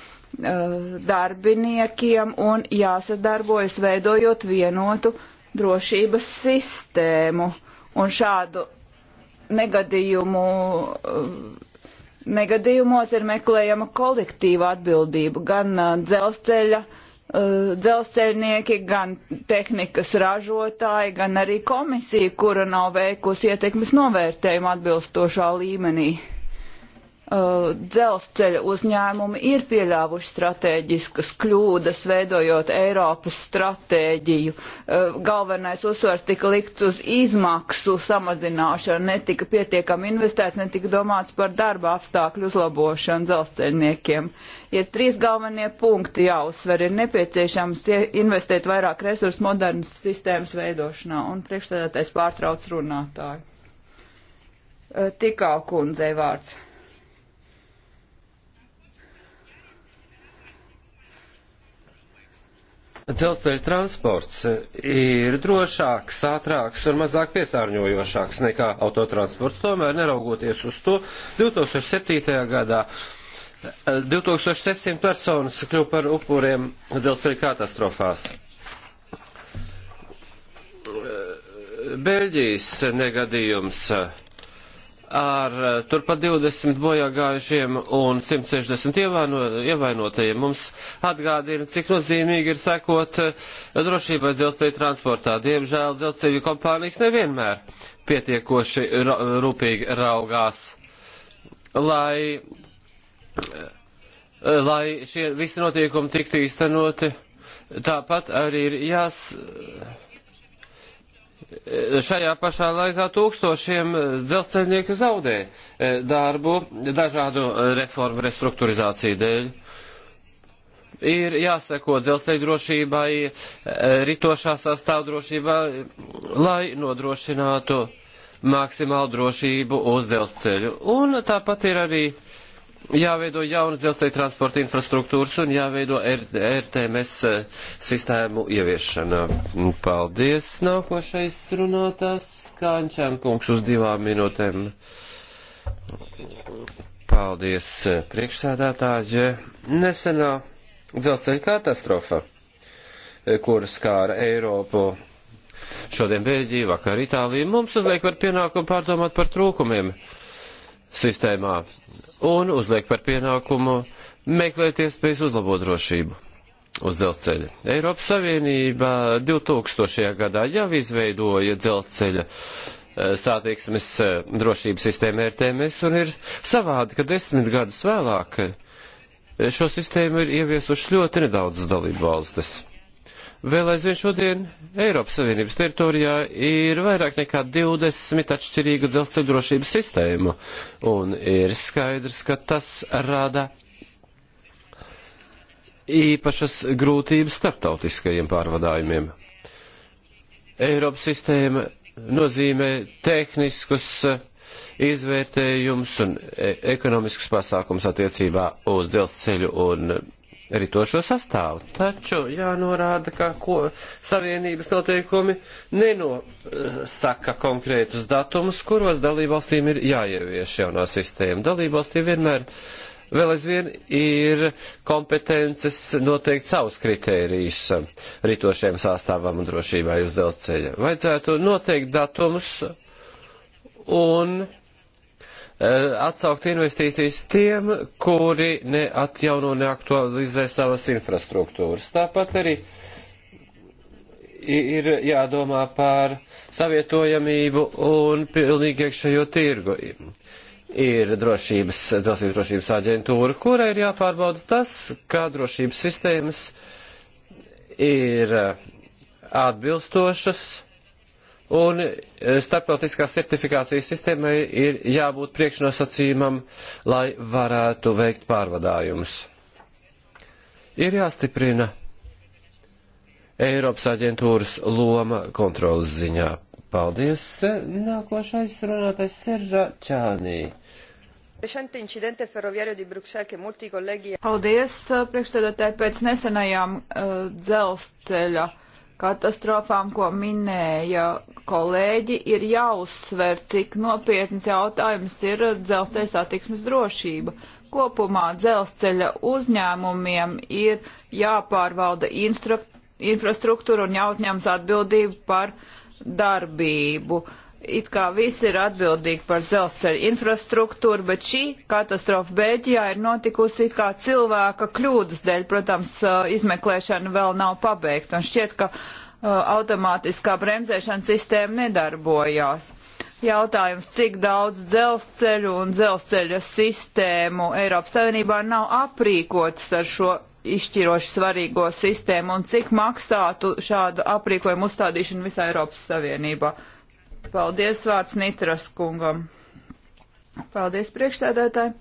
darbiniekiem un jāsadarbojas veidojot vienotu drošības sistēmu. Un šādu negadījumu, negadījumos ir meklējama kolektīva atbildība gan dzelzceļa, dzelzceļnieki, gan tehnikas ražotāji, gan arī komisija, kura nav veikusi ietekmes novērtējumu atbilstošā līmenī. Uh, dzelzceļa uzņēmumi ir pieļāvuši strateģiskas kļūdas, veidojot Eiropas stratēģiju. Uh, galvenais uzsvars tika likts uz izmaksu samazināšanu, netika pietiekami investēts, netika domāts par darba apstākļu uzlabošanu dzelzceļniekiem. Ir trīs galvenie punkti jāuzsver. Ir nepieciešams investēt vairāk resursu modernas sistēmas veidošanā, un priekšstādātais pārtrauc runātāju. Uh, tikā kundzei vārds. Dzelzceļa transports ir drošāks, ātrāks un mazāk piesārņojošāks nekā autotransports. Tomēr, neraugoties uz to, 2007. gadā 2600 eh, personas kļuva par upuriem dzelzceļa katastrofās. Beļģijas negadījums ar eh, turpat 20 bojāgājušiem un 160 ievaino, ievainotajiem. Mums atgādina, cik nozīmīgi ir sekot eh, drošībai dzelzceļa transportā. Diemžēl dzelzceļa kompānijas nevienmēr pietiekoši ra rūpīgi raugās, lai, eh, lai šie visi notiekumi tiktu īstenoti. Tāpat arī ir jās Šajā pašā laikā tūkstošiem eh, dzelzceļnieku zaudē eh, darbu dažādu eh, reformu restruktūrizāciju dēļ. Ir jāseko dzelzceļa drošībai, ritošā sastāvdrošībā, lai nodrošinātu maksimālu drošību uz dzelzceļu. Un tāpat ir arī uh, jāveido jaunas dzelzceļa transporta infrastruktūras un jāveido RTMS eh, sistēmu ieviešana. Paldies! Nākošais runātājs Kāņčēn kungs uz divām minūtēm. Paldies, eh, priekšsēdētāji. Nesenā dzelzceļa katastrofa, eh, kur skāra Eiropu. Šodien Bēļģija, vakar Itālija mums uzliek par pienākumu pārdomāt par trūkumiem sistēmā un uzliek par pienākumu meklēt iespējas uzlabot drošību uz dzelzceļa. Eiropas Savienība 2000. gadā jau izveidoja dzelzceļa eh, sātīksmes eh, drošības sistēmu RTMS un ir savādi, ka desmit gadus vēlāk eh, šo sistēmu ir ieviesuši ļoti nedaudzas dalību valstis. Vēl aizvien šodien Eiropas Savienības teritorijā ir vairāk nekā 20 atšķirīgu dzelzceļu drošības sistēmu, un ir skaidrs, ka tas rada īpašas grūtības starptautiskajiem pārvadājumiem. Eiropas sistēma nozīmē tehniskus eh, izvērtējums un eh, ekonomiskus pasākums attiecībā uz dzelzceļu un ritošo sastāvu. Taču jānorāda, ka ko, savienības noteikumi nenosaka konkrētus datumus, kuros dalībvalstīm ir jāievieš jaunā sistēma. Dalībvalstīm vienmēr vēl aizvien ir kompetences noteikt savus kritērijus ritošiem sastāvam un drošībai uz dzelzceļa. Vajadzētu noteikt datumus un Eh, atsaukt investīcijas tiem, kuri neatjauno, neaktualizē savas infrastruktūras. Tāpat arī ir jādomā par savietojamību un pilnīgi iekšējo tirgu. Ir drošības, dzelzceļa drošības aģentūra, kurai ir jāpārbauda tas, kā drošības sistēmas ir atbilstošas Un e, starptautiskā certifikācijas sistēmai ir jābūt priekšnosacījumam, lai varētu veikt pārvadājumus. Ir jāstiprina Eiropas aģentūras loma kontrolas ziņā. Paldies! Nākošais runātais ir Čānī. Paldies, priekšstādātāji, pēc nesenajām uh, dzelzceļa katastrofām, ko minēja kolēģi, ir jāuzsver, cik nopietns jautājums ir dzelzceļa satiksmes drošība. Kopumā dzelzceļa uzņēmumiem ir jāpārvalda infrastruktūra un jāuzņems atbildība par darbību it kā visi ir atbildīgi par dzelzceļa infrastruktūru, bet šī katastrofa Bēļģijā ir notikusi it kā cilvēka kļūdas dēļ. Protams, uh, izmeklēšana vēl nav pabeigta un šķiet, ka uh, automātiskā bremzēšanas sistēma nedarbojās. Jautājums, cik daudz dzelzceļu un dzelzceļa sistēmu Eiropas Savienībā nav aprīkotas ar šo izšķiroši svarīgo sistēmu un cik maksātu šādu aprīkojumu uzstādīšanu visā Eiropas Savienībā? Paldies vārds Nitras kungam. Paldies priekšsēdētāji.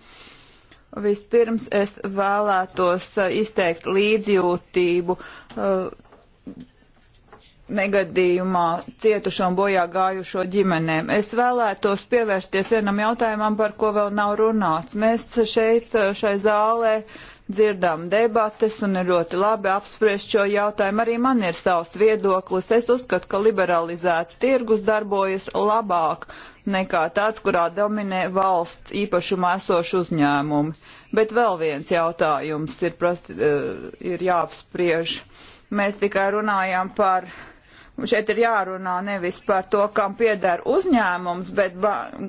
Vispirms es vēlētos uh, izteikt līdzjūtību uh, negadījumā cietušo un bojā gājušo ģimenēm. Es vēlētos pievērsties vienam jautājumam, par ko vēl nav runāts. Mēs šeit, uh, šai zālē, uh, dzirdam debates un ir ļoti labi apspriest šo jautājumu. Arī man ir savs viedoklis. Es uzskatu, ka liberalizēts tirgus darbojas labāk nekā tāds, kurā dominē valsts īpašumā esoši uzņēmumi. Bet vēl viens jautājums ir, prasti, eh, ir jāapspriež. Mēs tikai runājām par Šeit ir jārunā nevis par to, kam pieder uzņēmums, bet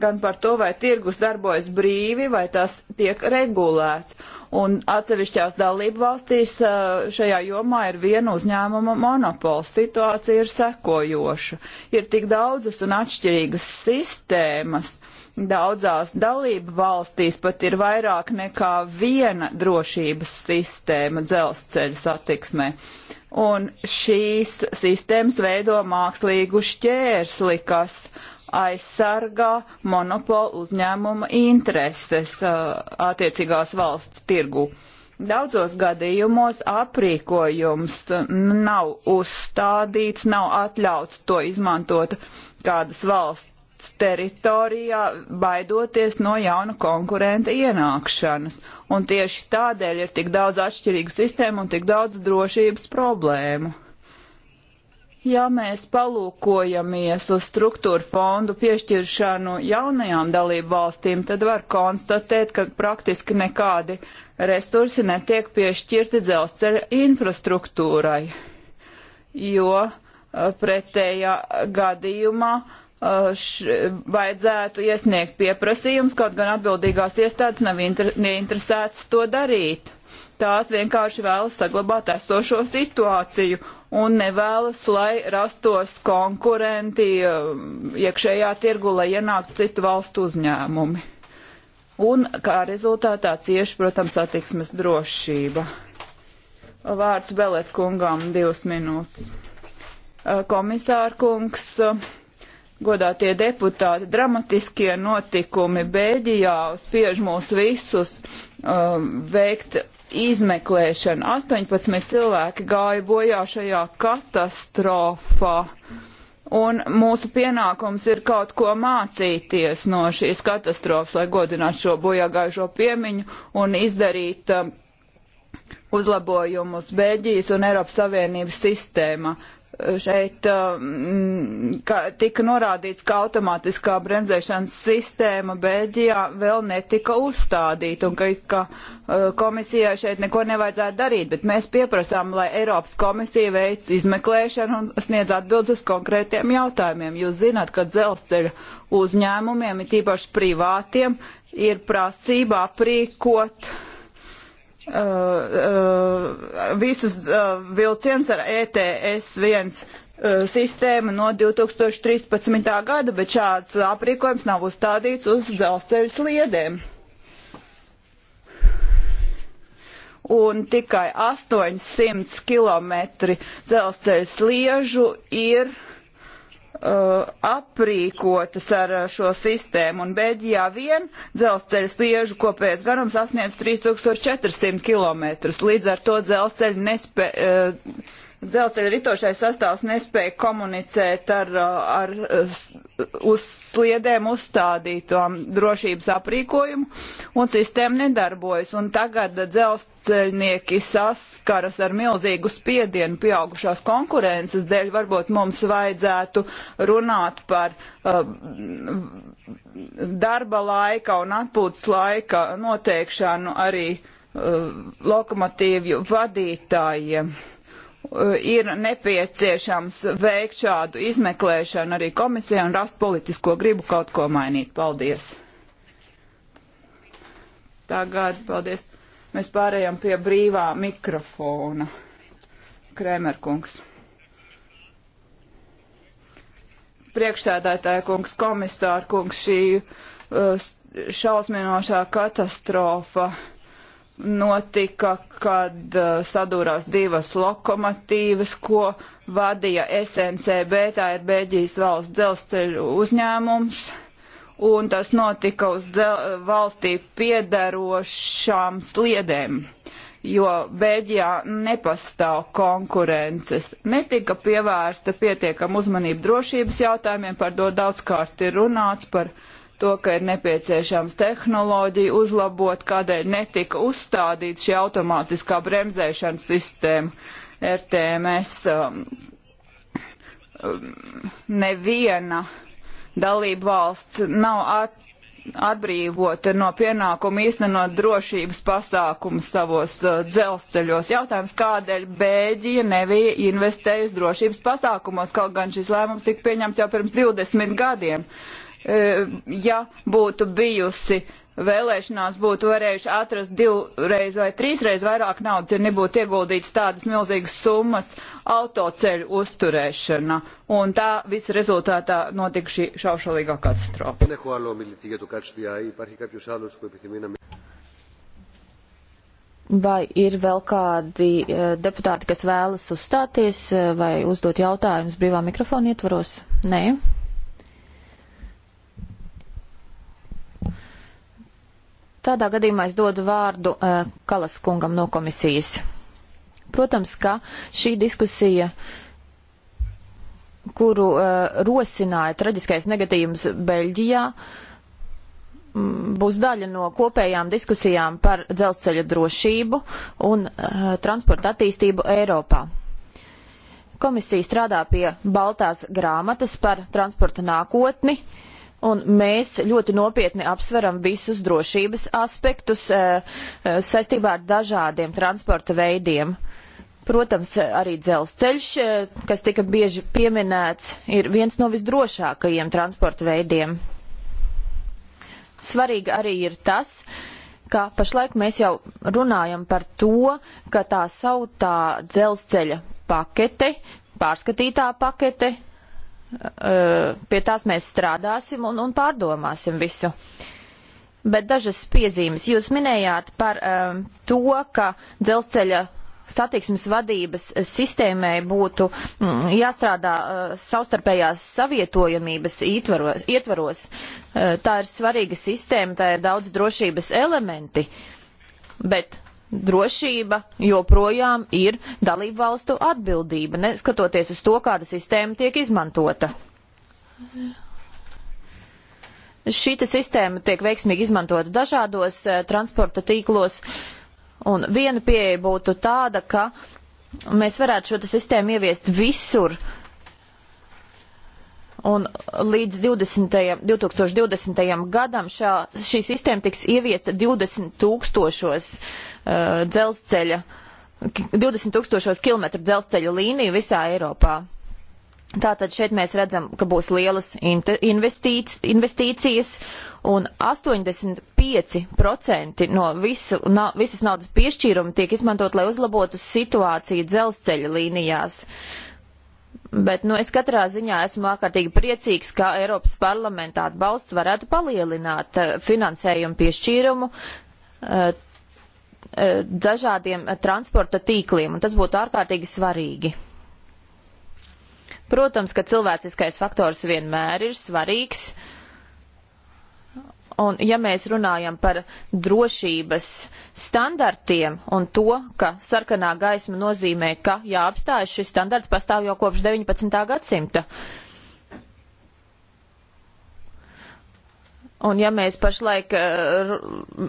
gan par to, vai tirgus darbojas brīvi, vai tas tiek regulēts. Un atsevišķās dalību valstīs šajā jomā ir viena uzņēmuma monopols. Situācija ir sekojoša. Ir tik daudzas un atšķirīgas sistēmas Daudzās dalību valstīs pat ir vairāk nekā viena drošības sistēma dzelzceļa satiksmē. Un šīs sistēmas veido mākslīgu šķērsli, kas aizsargā monopolu uzņēmuma intereses uh, attiecīgās valsts tirgu. Daudzos gadījumos aprīkojums nav uzstādīts, nav atļauts to izmantot kādas valsts valsts teritorijā, baidoties no jauna konkurenta ienākšanas. Un tieši tādēļ ir tik daudz atšķirīgu sistēmu un tik daudz drošības problēmu. Ja mēs palūkojamies uz struktūra fondu piešķiršanu jaunajām dalību valstīm, tad var konstatēt, ka praktiski nekādi resursi netiek piešķirti dzelzceļa infrastruktūrai, jo eh, pretējā gadījumā uh, Eh, š, vajadzētu iesniegt pieprasījums, kaut gan atbildīgās iestādes nav inter, neinteresētas to darīt. Tās vienkārši vēlas saglabāt esošo situāciju un nevēlas, lai rastos konkurenti eh, iekšējā tirgu, lai ienāktu citu valstu uzņēmumi. Un kā rezultātā cieši, protams, attieksmes drošība. Vārds Belet kungām divas minūtes. Eh, komisārkungs. kungs godātie deputāti, dramatiskie notikumi Bēļģijā spiež mūs visus um, veikt izmeklēšanu. 18 cilvēki gāja bojā šajā katastrofā. Un mūsu pienākums ir kaut ko mācīties no šīs katastrofas, lai godinātu šo bojāgājušo piemiņu un izdarīt um, uzlabojumus Bēļģijas un Eiropas Savienības sistēmā šeit um, ka, tika norādīts, ka automātiskā bremzēšanas sistēma Beļģijā vēl netika uzstādīta un ka, ka uh, komisijai šeit neko nevajadzētu darīt, bet mēs pieprasām, lai Eiropas komisija veic izmeklēšanu un sniedz atbildes uz konkrētiem jautājumiem. Jūs zināt, ka dzelzceļa uzņēmumiem, it īpaši privātiem, ir prasība aprīkot Uh, uh, visus uh, vilcienus ar ETS 1 uh, sistēmu no 2013. gada, bet šāds aprīkojums nav uzstādīts uz dzelzceļa sliedēm. Un tikai 800 km dzelzceļa sliežu ir uh, Uh, aprīkotas ar uh, šo sistēmu, un Beļģijā vien dzelzceļa sliežu kopējais garums sasniedz 3400 km. Līdz ar to dzelzceļi nespēja. Uh, dzelzceļa ritošais sastāvs nespēja komunicēt ar, uh, ar uh, uz sliedēm uzstādītām drošības aprīkojumu, un sistēma nedarbojas. Un tagad dzelzceļnieki saskaras ar milzīgu spiedienu pieaugušās konkurences dēļ. Varbūt mums vajadzētu runāt par uh, darba laika un atpūtas laika noteikšanu arī uh, lokomotīvju vadītājiem. Uh, Eh, ir nepieciešams veikt šādu izmeklēšanu arī komisijai un rast politisko gribu kaut ko mainīt. Paldies! Tagad, paldies, mēs pārējām pie brīvā mikrofona. Krēmerkungs. Priekšsēdētāja kungs, komisāra kungs, šī eh, šausminošā katastrofa notika, kad uh, sadūrās divas lokomotīvas, ko vadīja SNCB, tā ir Bēģijas valsts dzelzceļu uzņēmums, un tas notika uz valstī piedarošām sliedēm, jo Bēģijā nepastāv konkurences. Netika pievērsta pietiekam uzmanību drošības jautājumiem, par to daudzkārt ir runāts par. Uh, to, ka ir nepieciešams tehnoloģiju uzlabot, kādēļ netika uzstādīta šī automātiskā bremzēšanas sistēma RTMS. Um, um, neviena dalība valsts nav at, atbrīvota no pienākuma īstenot drošības pasākumu savos uh, dzelzceļos. Jautājums, kādēļ Bēģija nebija investējusi drošības pasākumos, kaut gan šis lēmums tika pieņemts jau pirms 20 gadiem. Uh, E, ja būtu bijusi vēlēšanās, būtu varējuši atrast divreiz vai trīsreiz vairāk naudas, ja nebūtu ieguldīts tādas milzīgas summas autoceļu uzturēšana. Un tā visa rezultātā notika šī šaušalīgā katastrofa. Vai ir vēl kādi e, deputāti, kas vēlas uzstāties e, vai uzdot jautājumus brīvā mikrofona ietvaros? Nē. Tādā gadījumā es dodu vārdu uh, Kalas kungam no komisijas. Protams, ka šī diskusija, kuru uh, rosināja traģiskais negadījums Beļģijā, būs daļa no kopējām diskusijām par dzelzceļa drošību un uh, transporta attīstību Eiropā. Komisija strādā pie Baltās grāmatas par transporta nākotni. Uh, un mēs ļoti nopietni apsveram visus drošības aspektus eh, eh, saistībā ar dažādiem transporta veidiem. Protams, arī dzelzceļš, eh, kas tika bieži pieminēts, ir viens no visdrošākajiem transporta veidiem. Svarīgi arī ir tas, ka pašlaik mēs jau runājam par to, ka tā sautā dzelzceļa pakete, pārskatītā pakete, Eh, pie tās mēs strādāsim un, un pārdomāsim visu. Bet dažas piezīmes. Jūs minējāt par um, to, ka dzelzceļa satiksmes vadības sistēmai būtu mm, jāstrādā uh, savstarpējās savietojamības ietvaros. ietvaros. Uh, tā ir svarīga sistēma, tā ir daudz drošības elementi. Bet drošība joprojām ir dalību valstu atbildība, neskatoties uz to, kāda sistēma tiek izmantota. Šī sistēma tiek veiksmīgi izmantota dažādos eh, transporta tīklos, un viena pieeja būtu tāda, ka mēs varētu šo sistēmu ieviest visur. Un līdz 20, 2020. gadam šā, šī sistēma tiks ieviesta 20 tūkstošos uh, Uh, dzelzceļa, 20 tūkstošos kilometru dzelzceļa līniju visā Eiropā. Tātad šeit mēs redzam, ka būs lielas investīcijas, un 85% no visu, na, visas naudas piešķīruma tiek izmantot, lai uzlabotu situāciju dzelzceļa līnijās. Bet nu, es katrā ziņā esmu ārkārtīgi priecīgs, ka Eiropas parlamentā atbalsts varētu palielināt uh, finansējumu piešķīrumu uh, Eh, dažādiem eh, transporta tīkliem, un tas būtu ārkārtīgi svarīgi. Protams, ka cilvēciskais faktors vienmēr ir svarīgs, un ja mēs runājam par drošības standartiem un to, ka sarkanā gaisma nozīmē, ka jāapstājas šis standarts pastāv jau kopš 19. gadsimta. Un ja mēs pašlaik uh,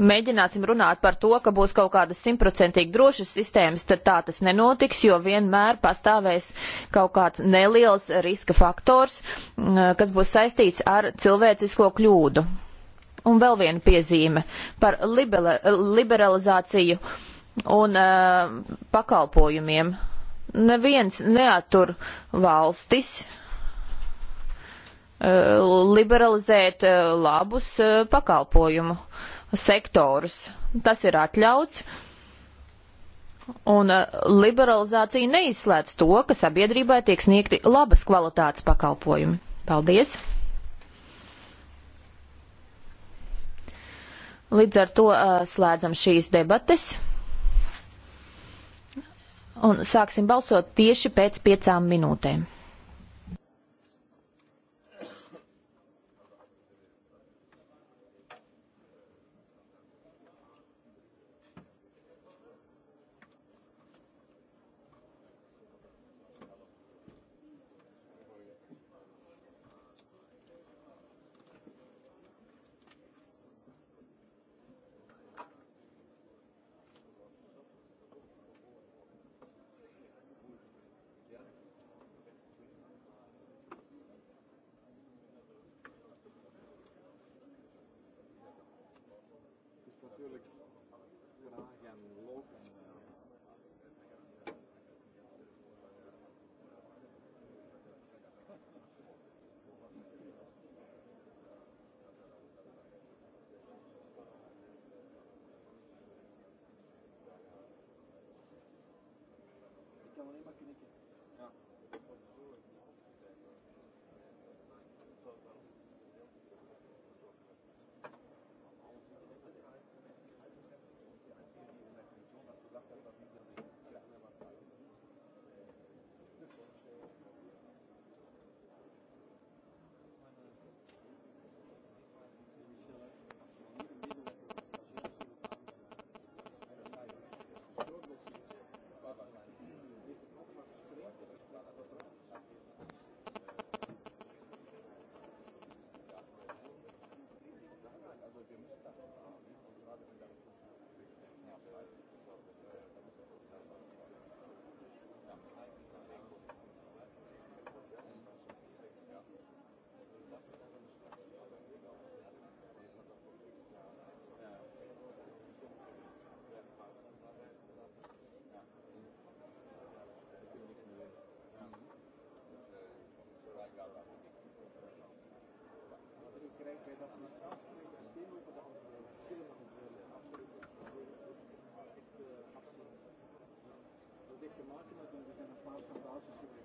mēģināsim runāt par to, ka būs kaut kādas simtprocentīgi drošas sistēmas, tad tā tas nenotiks, jo vienmēr pastāvēs kaut kāds neliels riska faktors, kas būs saistīts ar cilvēcisko kļūdu. Un vēl viena piezīme par libera liberalizāciju un uh, pakalpojumiem. Neviens neatur valstis Eh, liberalizēt eh, labus eh, pakalpojumu sektorus. Tas ir atļauts. Un liberalizācija neizslēdz to, ka sabiedrībai tiek sniegti labas kvalitātes pakalpojumi. Paldies! Līdz ar to slēdzam šīs debates un sāksim balsot tieši pēc piecām minūtēm. Automāti, lai mēs vienam pārstāvām daudz uz jūrī.